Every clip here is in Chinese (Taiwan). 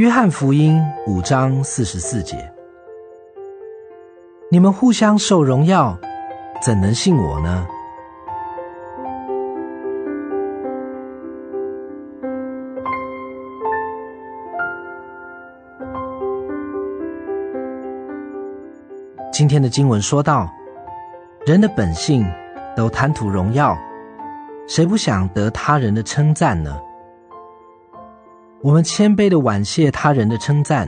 約翰福音五章四十四節：“你們互相受榮耀，怎能信我呢？”今天的經文說到，人的本性都貪圖榮耀，誰不想得他人的稱讚呢？我們謙卑地婉謝他人的稱讚，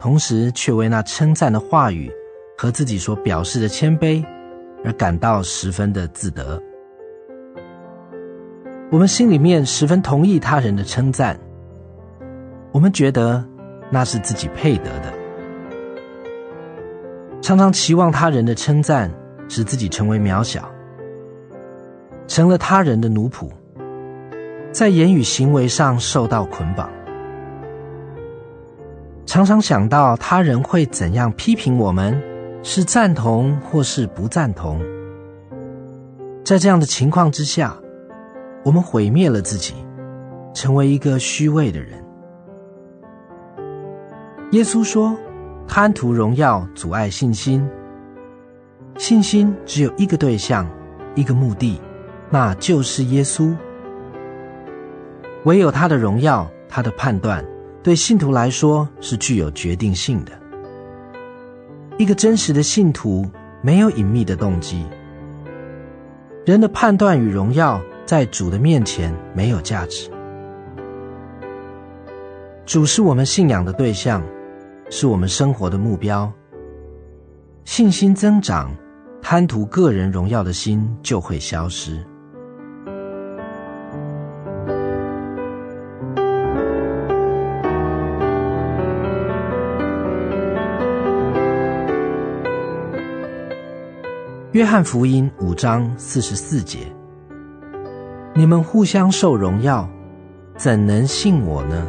同時卻為那稱讚的話語和自己所表示的謙卑而感到十分的自得。我們心裡面十分同意他人的稱讚，我們覺得那是自己配得的。常常期望他人的稱讚使自己成為渺小，成了他人的奴僕，在言語行為上受到捆綁。常常想到他人會怎樣批評我們，是贊同或是不贊同。在這樣的情況之下，我們毀滅了自己，成為一個虛偽的人。耶穌說：“貪圖榮耀阻礙信心。信心只有一個對象，一個目的，那就是耶穌。唯有他的榮耀，他的判斷。”對信徒來說是具有決定性的。一個真實的信徒沒有隱秘的動機。人的判斷與榮耀在主的面前沒有價值。主是我們信仰的對象，是我們生活的目標。信心增長，貪圖個人榮耀的心就會消失。約翰福音五章四十四節：你們互相受榮耀，怎能信我呢？